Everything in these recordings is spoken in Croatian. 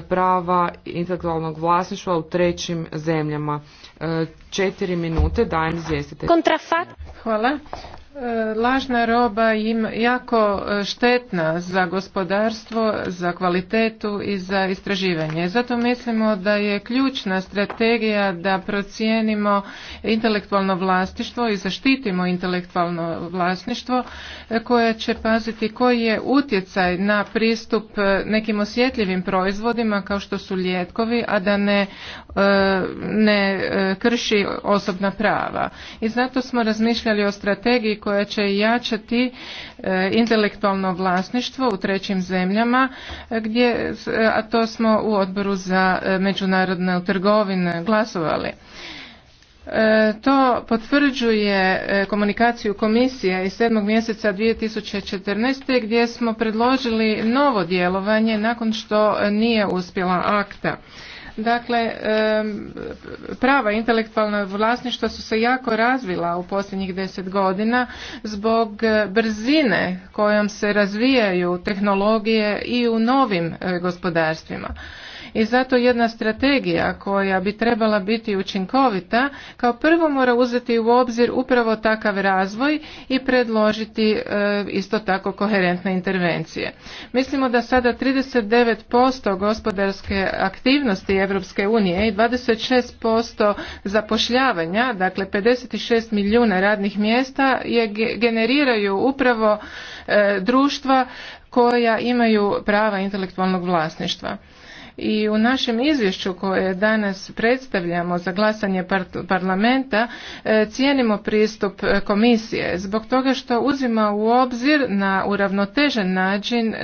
prava intelektualnog vlasništva u trećim zemljama. E, četiri minute dajem izvjestitelju. Hvala. Lažna roba je jako e, štetna za gospodarstvo, za kvalitetu i za istraživanje. Zato mislimo da je ključna strategija da procijenimo intelektualno vlasništvo i zaštitimo intelektualno vlasništvo e, koje će paziti koji je utjecaj na pristup e, nekim osjetljivim proizvodima kao što su lijekovi a da ne, ne krši osobna prava. I zato smo razmišljali o strategiji koja će jačati e, intelektualno vlasništvo u trećim zemljama, e, gdje, a to smo u odboru za e, međunarodne trgovine glasovali. To potvrđuje komunikaciju komisije iz 7. mjeseca 2014. gdje smo predložili novo djelovanje nakon što nije uspjela akta. Dakle, prava intelektualna vlasništva su se jako razvila u posljednjih deset godina zbog e, brzine kojom se razvijaju tehnologije i u novim e, gospodarstvima. I zato jedna strategija koja bi trebala biti učinkovita kao prvo mora uzeti u obzir upravo takav razvoj i predložiti e, isto tako koherentne intervencije. Mislimo da sada 39% gospodarske aktivnosti Europske unije i 26% zapošljavanja, dakle 56 milijuna radnih mjesta je generiraju upravo e, društva koja imaju prava intelektualnog vlasništva i u našem izvješću koje danas predstavljamo za glasanje parlamenta e, cijenimo pristup e, komisije zbog toga što uzima u obzir na uravnotežen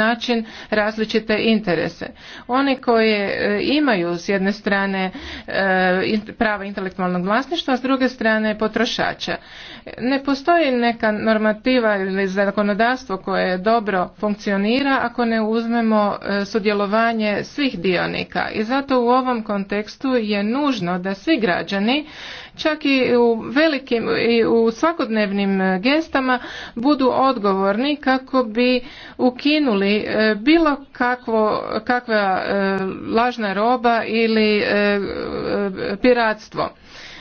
način, različite interese. Oni koje imaju s jedne strane e, prava intelektualnog vlasništva, a s druge strane potrošača. Ne postoji neka normativa ili zakonodavstvo koje dobro funkcionira ako ne uzmemo sudjelovanje svih dijela dionika i zato u ovom kontekstu je nužno da svi građani čak i u velikim i u svakodnevnim e, gestama budu odgovorni kako bi ukinuli e, bilo kakvo, kakva e, lažna roba ili piratstvo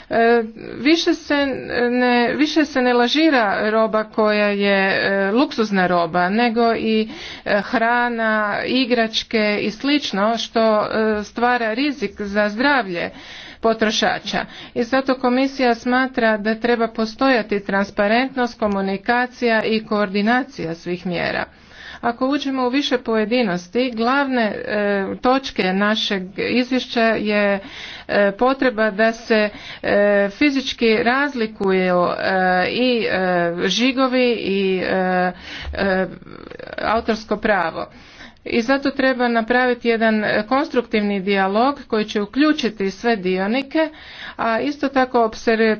E, više se ne, više se ne lažira roba koja je e, luksuzna roba, nego i e, hrana, igračke i slično što stvara rizik za zdravlje potrošača. I zato komisija smatra da treba postojati transparentnost, komunikacija i koordinacija svih mjera. Ako uđemo u više pojedinosti, glavne e, točke našeg izvješća je e, potreba da se e, fizički razlikuju i žigovi i autorsko pravo i zato treba napraviti jedan e, konstruktivni dijalog koji će uključiti sve dionike, a isto tako e,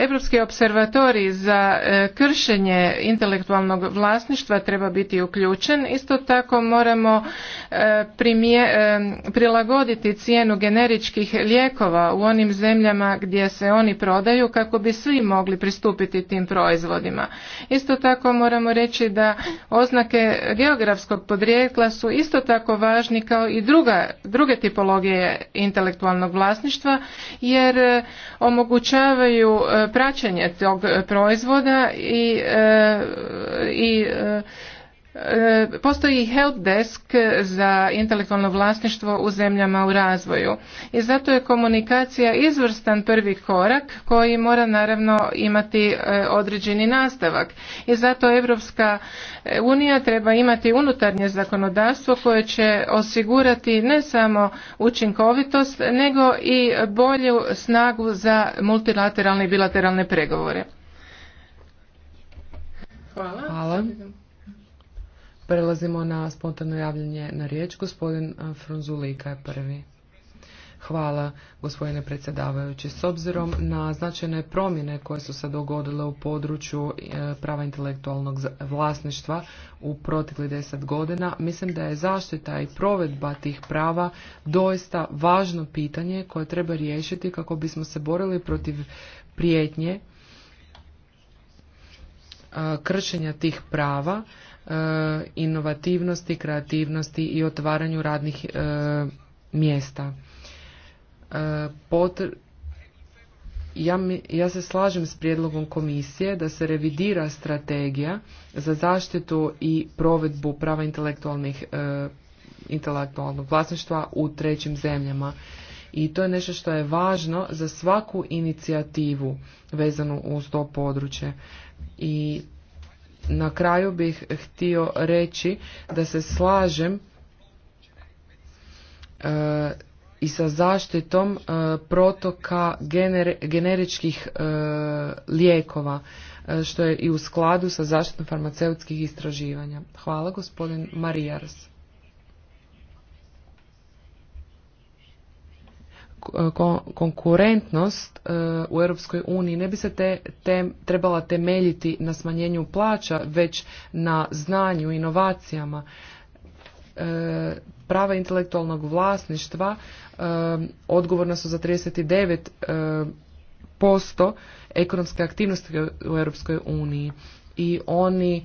Europski observatorij za e, kršenje intelektualnog vlasništva treba biti uključen. Isto tako moramo prilagoditi cijenu generičkih lijekova u onim zemljama gdje se oni prodaju kako bi svi mogli pristupiti tim proizvodima. Isto tako moramo reći da oznake geografskog podrijetla su isto tako važni kao i druga, druge tipologije intelektualnog vlasništva jer e, omogućavaju e, praćenje tog proizvoda i, e, i E, postoji help desk za intelektualno vlasništvo u zemljama u razvoju i zato je komunikacija izvrstan prvi korak koji mora naravno imati e, određeni nastavak i zato Europska e, unija treba imati unutarnje zakonodavstvo koje će osigurati ne samo učinkovitost nego i bolju snagu za multilateralne i bilateralne pregovore. Hvala. Prelazimo na spontano javljanje na riječ. Gospodin Frunzulika je prvi. Hvala, gospodine predsjedavajući. S obzirom na značajne promjene koje su se dogodile u području e, prava intelektualnog vlasništva u proteklih deset godina, mislim da je zaštita i provedba tih prava doista važno pitanje koje treba riješiti kako bismo se borili protiv prijetnje kršenja tih prava E, inovativnosti, kreativnosti i otvaranju radnih e, mjesta. E, ja, ja se slažem s prijedlogom komisije da se revidira strategija za zaštitu i provedbu prava intelektualnih intelektualnog vlasništva u trećim zemljama i to je nešto što je važno za svaku inicijativu vezanu uz to područje i na kraju bih htio reći da se slažem e, i sa zaštitom e, protoka generičkih e, lijekova, što je i u skladu sa zaštitom farmaceutskih istraživanja. Hvala gospodin Marijars. konkurentnost e, u Europskoj uniji ne bi se te, trebala temeljiti na smanjenju plaća, već na znanju, inovacijama, e, prava intelektualnog vlasništva e, odgovorna su za 39% posto ekonomske aktivnosti u Europskoj uniji i oni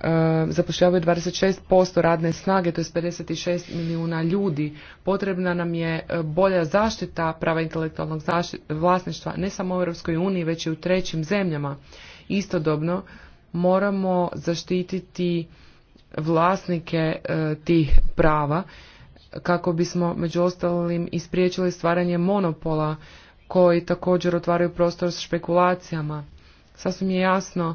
e, zapošljavaju 26% radne snage, to je 56 milijuna ljudi. Potrebna nam je e, bolja zaštita prava intelektualnog vlasništva ne samo u Europskoj uniji, već i u trećim zemljama. Istodobno moramo zaštititi vlasnike e, tih prava kako bismo među ostalim ispriječili stvaranje monopola koji također otvaraju prostor s špekulacijama. Sasvim je jasno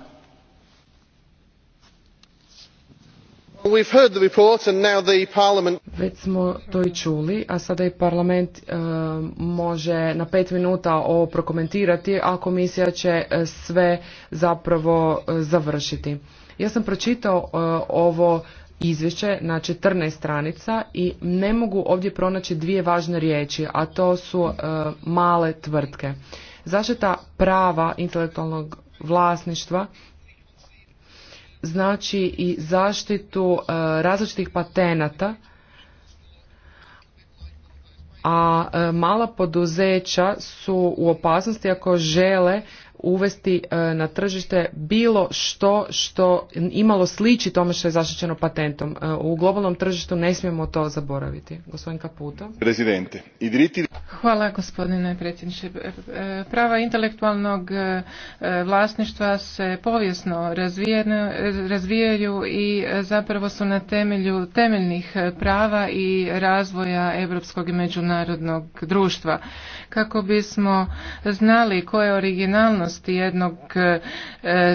Već smo to i čuli, a sada i parlament e, može na pet minuta ovo prokomentirati, a komisija će e, sve zapravo e, završiti. Ja sam pročitao ovo izvješće na 14 stranica i ne mogu ovdje pronaći dvije važne riječi, a to su male tvrtke. Zaštita prava intelektualnog vlasništva znači i zaštitu e, različitih patenata, a e, mala poduzeća su u opasnosti ako žele uvesti e, na tržište bilo što što imalo sliči tome što je zaštićeno patentom. E, u globalnom tržištu ne smijemo to zaboraviti. Gospodin Kaputo. Prezidente. Hvala gospodine predsjedniče. E, prava intelektualnog vlasništva se povijesno razvijaju i zapravo su na temelju temeljnih prava i razvoja europskog i međunarodnog društva. Kako bismo znali koje je originalnost važnosti jednog e,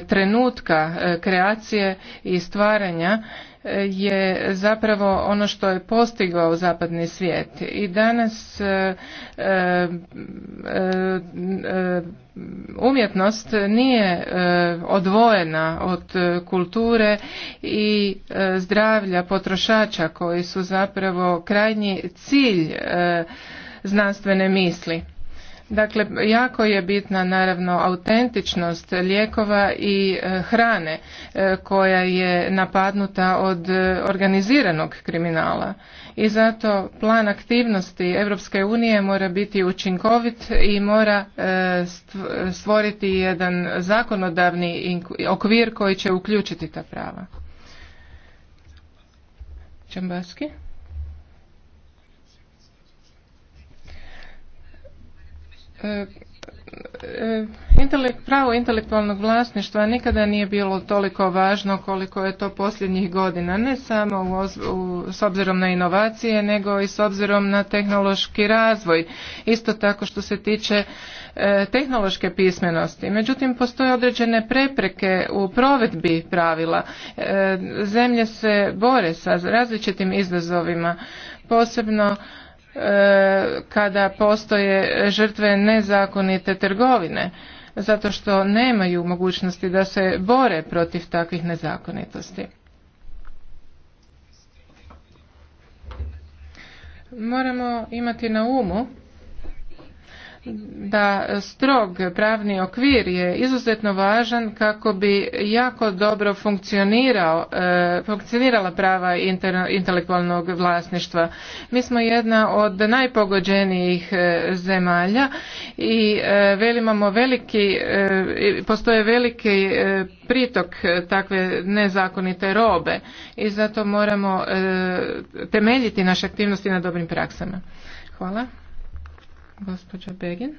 trenutka e, kreacije i stvaranja e, je zapravo ono što je postigao zapadni svijet i danas umjetnost nije odvojena od kulture i zdravlja potrošača koji su zapravo krajnji cilj znanstvene misli Dakle, jako je bitna naravno autentičnost lijekova i e, hrane e, koja je napadnuta od e, organiziranog kriminala. I zato plan aktivnosti Europske unije mora biti učinkovit i mora stvoriti jedan zakonodavni okvir koji će uključiti ta prava. E, e, pravo intelektualnog vlasništva nikada nije bilo toliko važno koliko je to posljednjih godina, ne samo u, s obzirom na inovacije, nego i s obzirom na tehnološki razvoj, isto tako što se tiče e, tehnološke pismenosti. Međutim, postoje određene prepreke u provedbi pravila. E, zemlje se bore sa različitim izazovima, posebno kada postoje žrtve nezakonite trgovine zato što nemaju mogućnosti da se bore protiv takvih nezakonitosti. Moramo imati na umu da strog pravni okvir je izuzetno važan kako bi jako dobro funkcionirao, e, funkcionirala prava intelektualnog vlasništva. Mi smo jedna od najpogođenijih e, zemalja i e, veliki, postoje veliki pritok takve nezakonite robe i zato moramo temeljiti naše aktivnosti na dobrim praksama. Hvala. Gospođo Begin.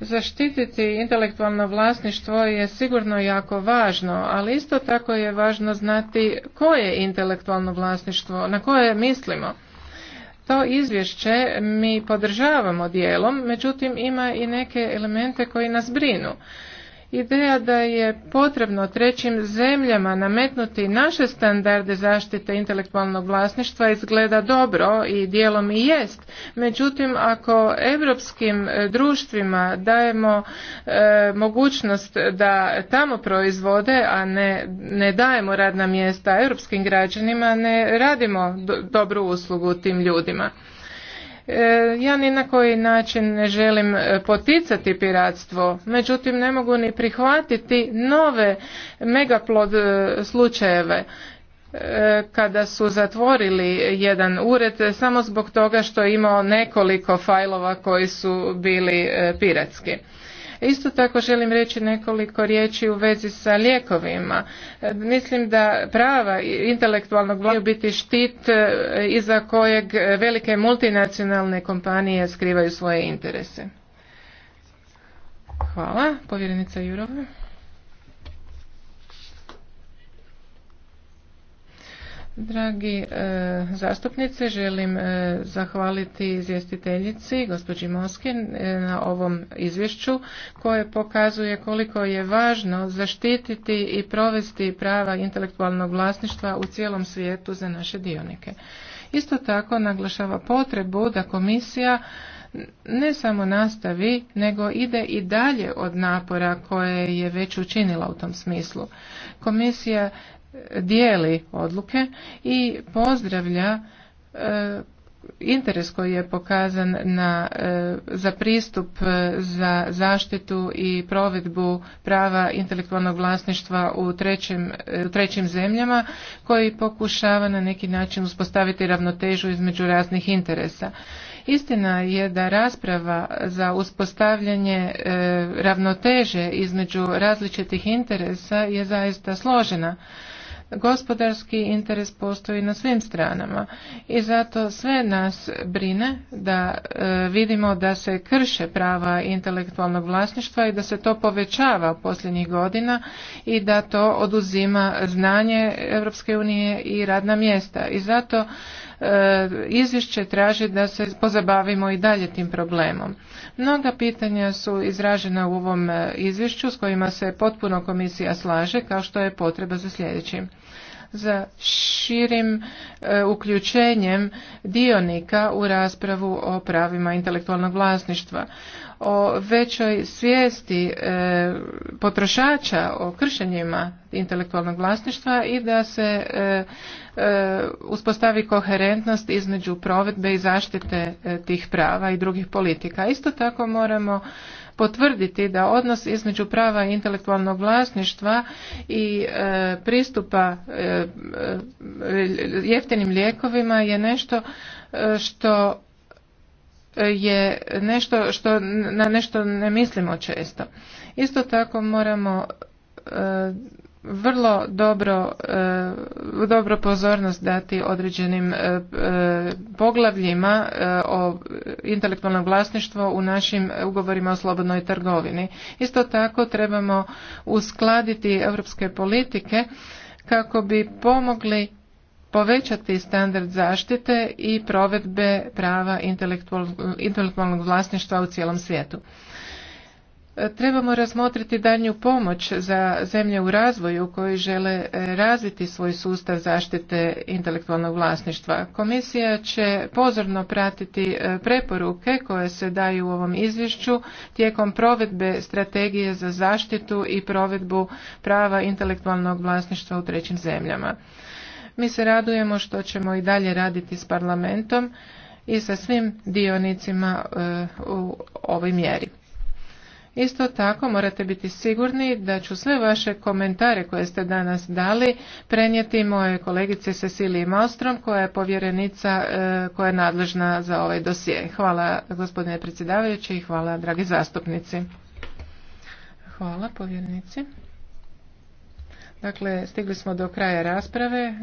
Zaštititi intelektualno vlasništvo je sigurno jako važno, ali isto tako je važno znati koje intelektualno vlasništvo, na koje mislimo. To izvješće mi podržavamo dijelom, međutim ima i neke elemente koji nas brinu. Ideja da je potrebno trećim zemljama nametnuti naše standarde zaštite intelektualnog vlasništva izgleda dobro i dijelom i jest. Međutim, ako europskim e, društvima dajemo e, mogućnost da tamo proizvode, a ne, ne dajemo radna mjesta europskim građanima, ne radimo dobru uslugu tim ljudima. E, ja ni na koji način ne želim e, poticati piratstvo, međutim ne mogu ni prihvatiti nove megaplod e, slučajeve kada su zatvorili jedan ured samo zbog toga što je imao nekoliko fajlova koji su bili piratski. Isto tako želim reći nekoliko riječi u vezi sa lijekovima. Mislim da prava intelektualnog moraju biti štit e, iza kojeg velike multinacionalne kompanije skrivaju svoje interese. Hvala, povjerenica Jurova. Dragi e, zastupnici, želim e, zahvaliti izvjestiteljici gospođi Moskin e, na ovom izvješću koje pokazuje koliko je važno zaštititi i provesti prava intelektualnog vlasništva u cijelom svijetu za naše dionike. Isto tako naglašava potrebu da komisija ne samo nastavi, nego ide i dalje od napora koje je već učinila u tom smislu. Komisija dijeli odluke i pozdravlja e, interes koji je pokazan na, e, za pristup e, za zaštitu i provedbu prava intelektualnog vlasništva u trećim, u trećim zemljama koji pokušava na neki način uspostaviti ravnotežu između raznih interesa. Istina je da rasprava za uspostavljanje ravnoteže između različitih interesa je zaista složena gospodarski interes postoji na svim stranama i zato sve nas brine da e, vidimo da se krše prava intelektualnog vlasništva i da se to povećava u posljednjih godina i da to oduzima znanje Europske unije i radna mjesta i zato E, izvješće traži da se pozabavimo i dalje tim problemom. Mnoga pitanja su izražena u ovom e, izvješću s kojima se potpuno komisija slaže kao što je potreba za sljedećim za širim e, uključenjem dionika u raspravu o pravima intelektualnog vlasništva o većoj svijesti e, potrošača o kršenjima intelektualnog vlasništva i da se e, uspostavi koherentnost između provedbe i zaštite tih prava i drugih politika. Isto tako moramo potvrditi da odnos između prava intelektualnog vlasništva i e, pristupa e, e, jeftinim lijekovima je nešto što je nešto što na nešto ne mislimo često. Isto tako moramo vrlo dobro, e, dobro pozornost dati određenim e, e, poglavljima o intelektualnom vlasništvu u našim ugovorima o slobodnoj trgovini. Isto tako trebamo uskladiti europske politike kako bi pomogli povećati standard zaštite i provedbe prava intelektualnog vlasništva u cijelom svijetu. Trebamo razmotriti daljnju pomoć za zemlje u razvoju koji žele e, razviti svoj sustav zaštite intelektualnog vlasništva. Komisija će pozorno pratiti e, preporuke koje se daju u ovom izvješću tijekom provedbe strategije za zaštitu i provedbu prava intelektualnog vlasništva u trećim zemljama. Mi se radujemo što ćemo i dalje raditi s parlamentom i sa svim dionicima e, u ovoj mjeri. Isto tako morate biti sigurni da ću sve vaše komentare koje ste danas dali prenijeti moje kolegice Cecilije Malstrom koja je povjerenica e, koja je nadležna za ovaj dosije. Hvala gospodine predsjedavajući i hvala dragi zastupnici. Hvala povjerenici. Dakle, stigli smo do kraja rasprave.